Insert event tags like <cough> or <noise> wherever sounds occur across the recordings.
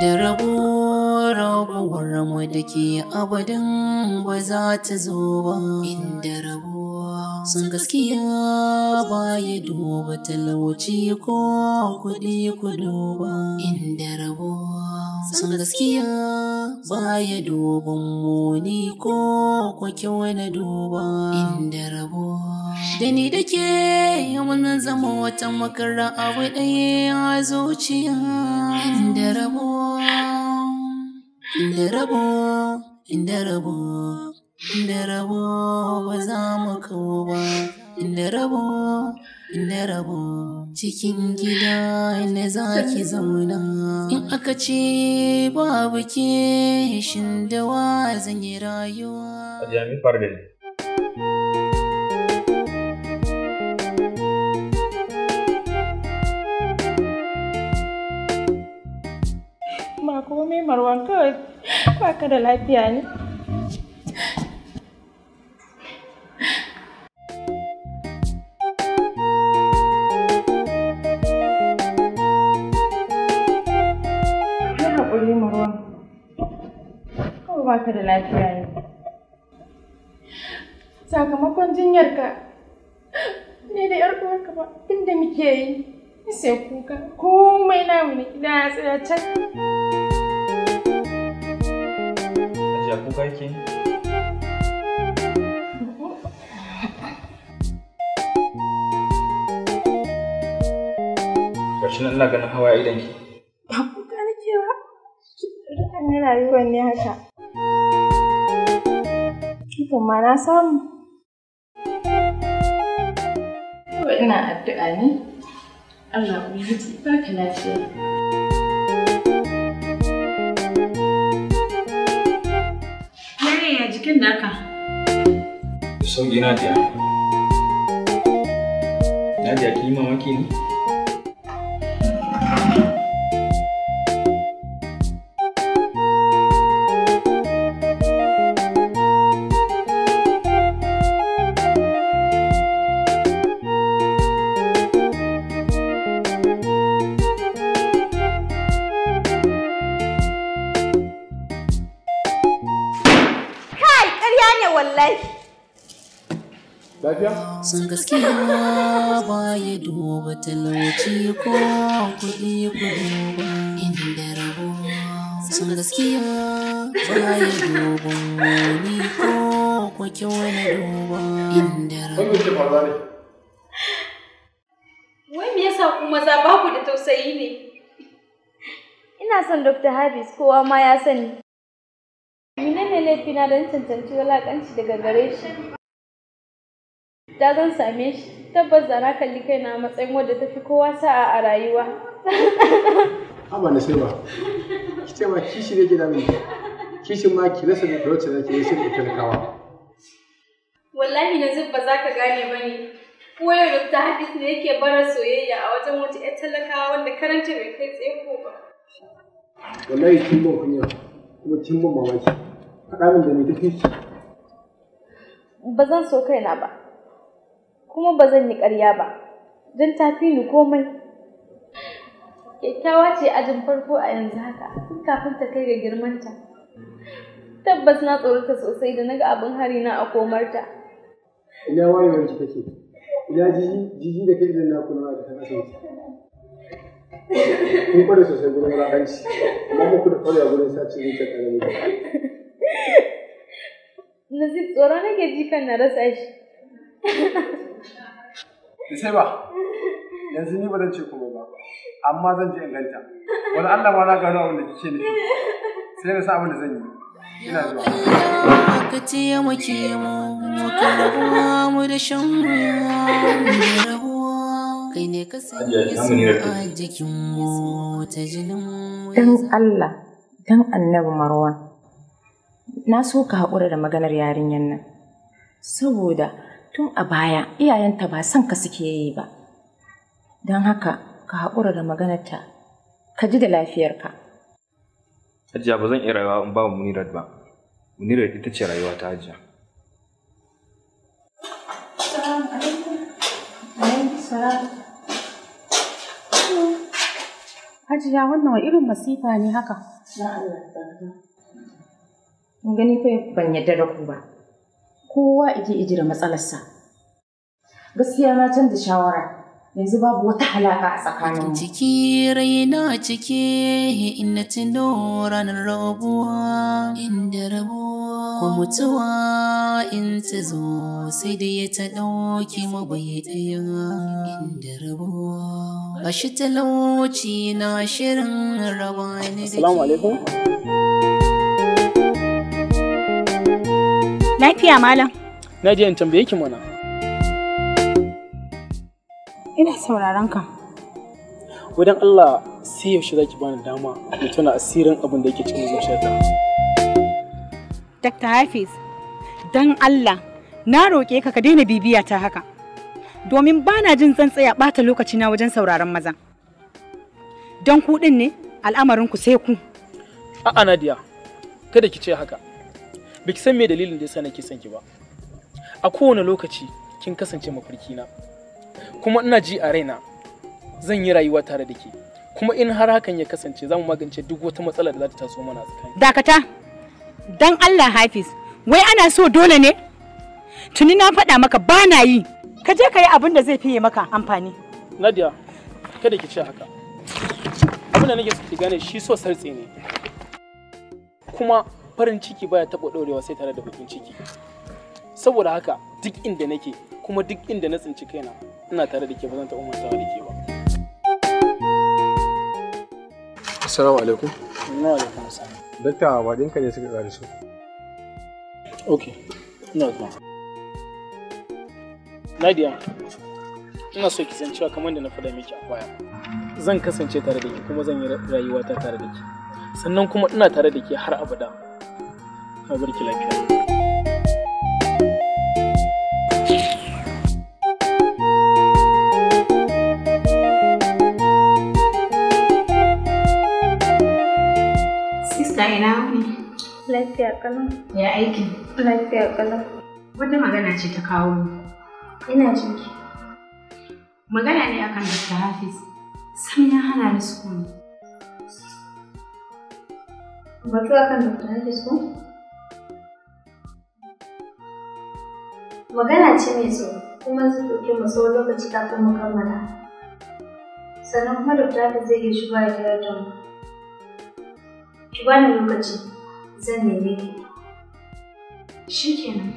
da rabo mu da ke abadin ba za ta zo ba inda rabuwa sun gaskiya baya duba talauci ko kuɗi ku duba inda rabuwa sun gaskiya baya ya muni ko ku wani duba inda rabuwa da ni da ke mun zama wata makara abu ɗaya a zuciya inda rabuwa da rabo da rabo da rabo ba za mu kawo ba da rabo rabo cikin gida na za ki zauna in aka ce babu ke shin da wa zan yi rayuwa a jami'ar gari ba komai marwan kawai ba ka da lafiya ne baka da lafiya ne sakamakon jinyarka ne da yar uwarka ba inda muke yi sai kuka komai namu ne da ya tsaya can hajiya kuka ke gashi nan na ganin hawa idan ki ba kuka nake ba ra'ayin rayuwar ne haka Ikon ma na samu. Ina addu'a ne, Allah Ubangiji ba ka lafiya. jikin naka? Sauki Nadia. Nadia ki mamaki ne? lafiya san gaskiya ba ya duba talauci ko kuɗi ko duba inda rabo Sun gaskiya ba ya duba wani ko kwake wani duba inda rabo wai me yasa ku maza ba ku da tausayi ne ina son dr habis kowa ma ya sani menene laifina don cancanci wulakanci daga gare shi da zan same shi tabbas da na kalli kaina matsayin wadda ta fi kowa sa'a a rayuwa <laughs> haba na sai ba ki ce ma kishi ne gida mai kishi ma ki rasa da wacce da ke yi da talakawa wallahi na zubba za ka gane ba ne yau da ta hadis ne yake bara soyayya a wajen wata 'yar talakawa wanda karanta bai kai tsaye ko ba wallahi kin ban kunya kuma kin ban mamaki faɗa min da me tafi shi. ba zan so kaina ba kuma ba zan yi ƙarya ba don ta fi ni komai kyakkyawa ce ajin farko a yanzu haka tun kafin ta kai ga girmanta tabbas na tsorata sosai da naga abin hari na a komarta ina wani cika ce, ina jiji da kai idan na kuna da ta kasance kun kwada sosai gurin rahanci amma muku da kware gudun gurin sace zai ta gani Nazif tsoro nake jikan na rasa shi ki sai ba yanzu ni ba zan ce kuma ba amma zan je in ganta wani Allah ma na gano abin da kike nufi sai na sa abin da zan yi ina zuwa ka ce mu ke mu ka rabuwa mu da shan ruwa kai ne ka sani a jikin mu ta jinin mu dan Allah dan annabi Marwan na so ka haƙura da maganar yarinyar nan saboda tun a baya iyayenta ba son ka suke yi ba don haka ka haƙura da maganarta ka ji da lafiyarka hajiya ba zan iya rayuwa in ba munirat ba munirat ita ce rayuwa ta hajiya Hajiya wannan wa irin masifa ne haka? Mun gani fa ban yadda da ku ba. Kowa iji iji da matsalarsa. gaskiya na canza shawara yanzu babu wata halaka a tsakanin ciki raina cike ina tuno ranar rabuwa inda rabuwa ko mutuwa in ta zo sai da ya ta ɗauki magoyi ɗaya inda rabuwa ba shi talauci na shirin rawa ne da alaikum lafiya malam na je in tambaye ki mana Ina sauraron ka. Wadan Allah sai yaushe za ki bani dama mu tuna asirin abin da yake cikin zuciyarta. Dr. Hafiz, dan Allah na roƙe ka ka daina bibiya ta haka. Domin bana na jin tsaya bata lokaci na wajen sauraron maza. Don ku ɗin ne ku sai ku. A'a Nadia, kada ki ce haka. Biki san me dalilin da yasa nake son ki ba. A kowane lokaci kin kasance mafarki na. kuma ina ji a raina zan yi rayuwa tare da ke kuma in har hakan ya kasance za mu magance duk wata matsala da za ta taso mana tsakani dakata dan Allah Hafiz wai ana so dole ne tuni na faɗa maka ba na yi ka je ka yi abin da zai fiye maka amfani Nadia kada ki ce haka abin da nake so ki gane shi so sartsi ne kuma farin ciki baya taɓa ɗorewa sai tare da bakin ciki saboda haka duk inda nake kuma duk inda na tsinci kaina ina tare da ke ba zan ta umarta da ke ba assalamu alaikum wa alaikum assalam dakta ba ɗinka ne suka ƙari su ok ina zuwa nadia ina so ki san cewa kamar da na faɗa miki a baya zan kasance tare da ke kuma zan yi rayuwata tare da ke sannan kuma ina tare da ke har abada na barki lafiya Lafiya kalan. Ya aiki? Lafiya kalan. Wata magana ce ta kawo ni. Ina jin Magana ne akan Dr. Hafiz. Sam ya hana ni kuma. Batu akan Dr. Hafiz ko? Magana ce mai tsoro kuma zai ɗauke mu tsawon lokaci kafin mu kammala. Sannan kuma Dr. Hafiz zai iya shigo ya tarar da mu. Ki bani lokaci. zan neme ki shikenan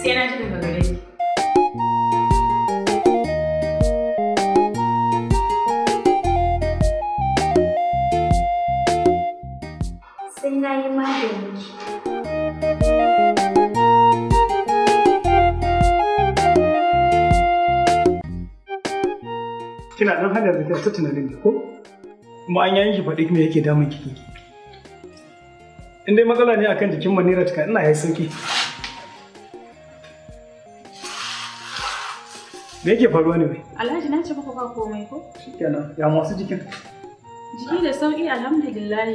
sai na ji daga gare ki sai na yi maganin kina dan hanyar da ta tunanin ko kuma an yayin ki faɗi kuma yake damun kiki. in dai matsala ne akan jikin manira cika ina ya sauki me yake faruwa ne mai alhaji na ce maka ba komai ko shikenan ya masu jikin jiki da sauki alhamdulillah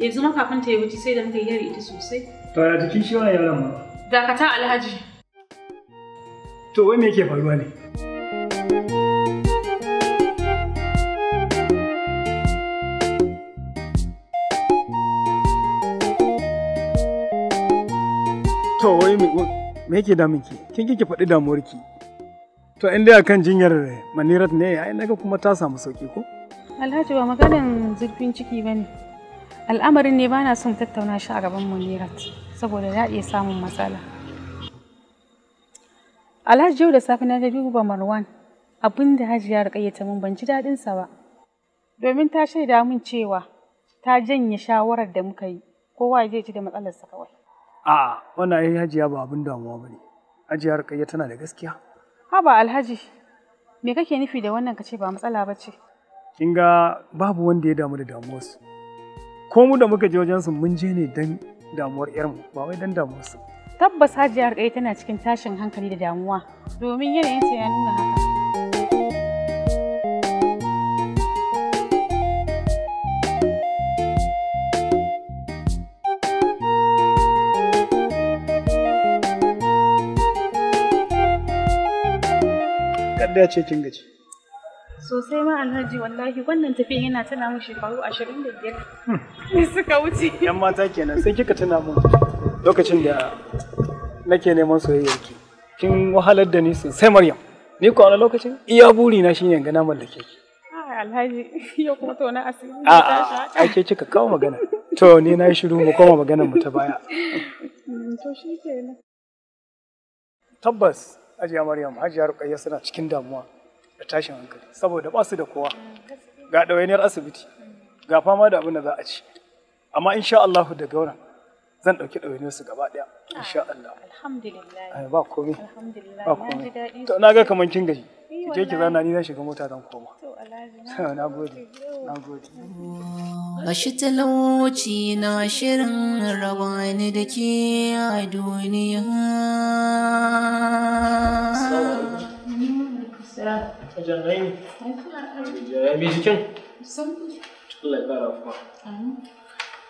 yanzu ma kafin ta yi wuce sai da muka yi yari ita sosai to ya jikin shi wannan yaron ma dakata alhaji to wai me yake faruwa ne To wai me yake damun ki? Kin ki faɗi damuwar ki. To in dai akan jinyar Manirat ne ai naga kuma ta samu sauki ko? Alhaji ba maganin zurfin ciki bane. Al'amarin ne bana son tattauna shi a gaban Manirat saboda ya iya samun matsala. Alhaji yau da safe na duba Marwan abin da ya Rukayya ta mun ban ji daɗin sa ba. Domin ta shaida mun cewa ta janye shawarar da muka yi kowa zai ji da matsalarsa kawai. a wannan ai hajiya ba abin damuwa bane hajiya rukayya tana da gaskiya haba alhaji me kake nufi da wannan kace ba matsala ba ce kin ga babu wanda ya damu da damuwarsu ko mu da muka je wajen su mun je ne dan damuwar yarmu ba wai dan damuwarsu tabbas hajiya rukayya tana cikin tashin hankali da damuwa domin ta ya nuna haka da ce kin gaji sosai ma alhaji wallahi wannan tafiyan yana tana mu shekaru ashirin da biyar hmm. suka wuce yan mata kenan sai kika tana mu lokacin da nake neman soyayyar ki kin wahalar da ni sosai maryam ni ko a lokacin iya buri na shine ga na mallake ki alhaji <laughs> ya kuma to na asiri a a kika kawo magana to ni na shiru mu koma maganar mu ta baya <laughs> mm, to shi kenan tabbas hajiya maryam hajiya rukayya suna cikin damuwa da tashin hankali saboda ba su da kowa ga ɗawainiyar asibiti ga fama da abin da za a ci amma insha Allah da gauna zan ɗauki ɗawainiyar su gaba ɗaya insha Allah alhamdulillah ba komai ba komai to na ga kaman kin gaji ki je ki zana ni na shiga mota don koma <laughs> na gode na gode gashi talauci na shirin rawani da ke a duniya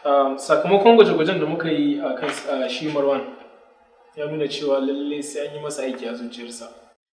um, sakamakon gwaje-gwajen da muka yi a kan shi marwan ya nuna cewa lallai sai an yi masa aiki a zuciyarsa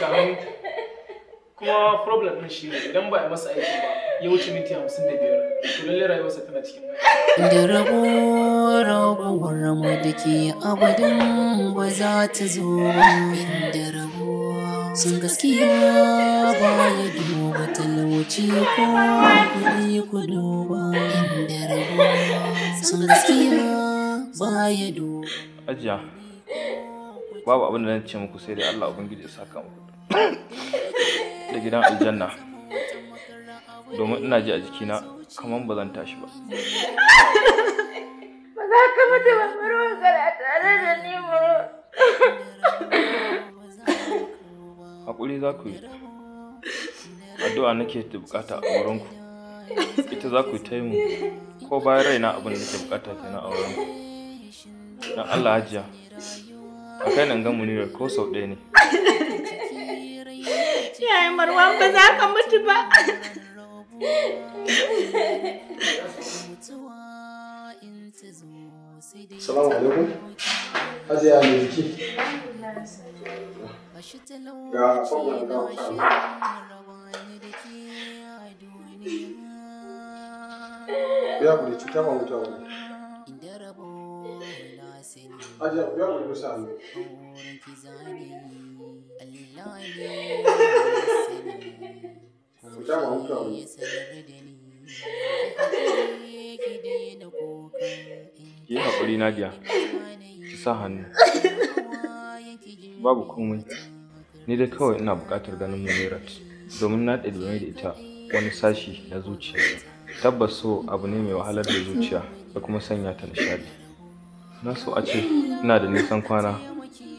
kamin kuma problem din shi ne idan ba a masa aiki ba ya wuce minti hamsin da biyar to rayuwarsa tana cikin da rabo da ke abadin ba za ta zo da rabo sun gaskiya ba ya duba talauci ko kuɗi ku duba da rabo sun gaskiya ba ya duba ajiya babu abin da zan ce muku sai dai Allah ubangiji ya saka muku da gidan aljanna domin ina ji a jikina kamar ba zan tashi ba ba za ka mutu ba maro gara tare da ni maro hakuri za ku yi addu'a nake da bukata a wurin ku ita za ku yi taimu ko bayan raina abin da nake bukata ke a auren ku don allah hajiya a kai nan ga munira ko sau ɗaya ne Yaya Marwan ba za ka mutu ba. Salamu alaikum. Hajiya jiki. Ga Ya Ya kuri cuta ba wuta wani. ya Ki yi haƙuri Nadia, ki sa hannu. Babu komai. Ni dai kawai ina buƙatar ganin Munirat domin na ɗaya da ita wani sashi na zuciya. Tabbas so abu ne mai wahalar da zuciya da kuma sanya ta nishadi. Na so a ce ina da nisan kwana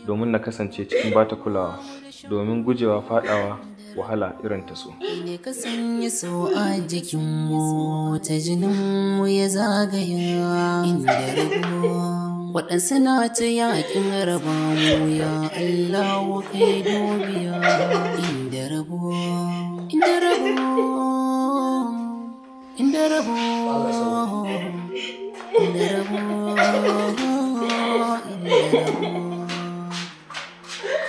domin na kasance cikin bata kulawa. domin gujewa faɗawa wahala irin ta so. Ne ka sanya a jikinmu ta jininmu ya zagaya inda rabuwa. Waɗansu ta yaƙin raba mu ya Allah kai dubiya inda rabuwa. Inda rabuwa. Inda rabuwa. Inda rabuwa. Inda rabuwa.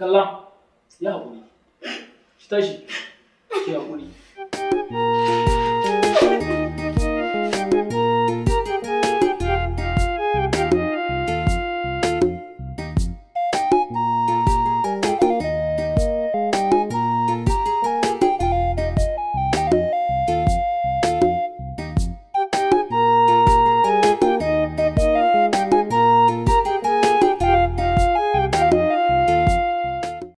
kalla ya haƙuri ki tashi ki haƙuri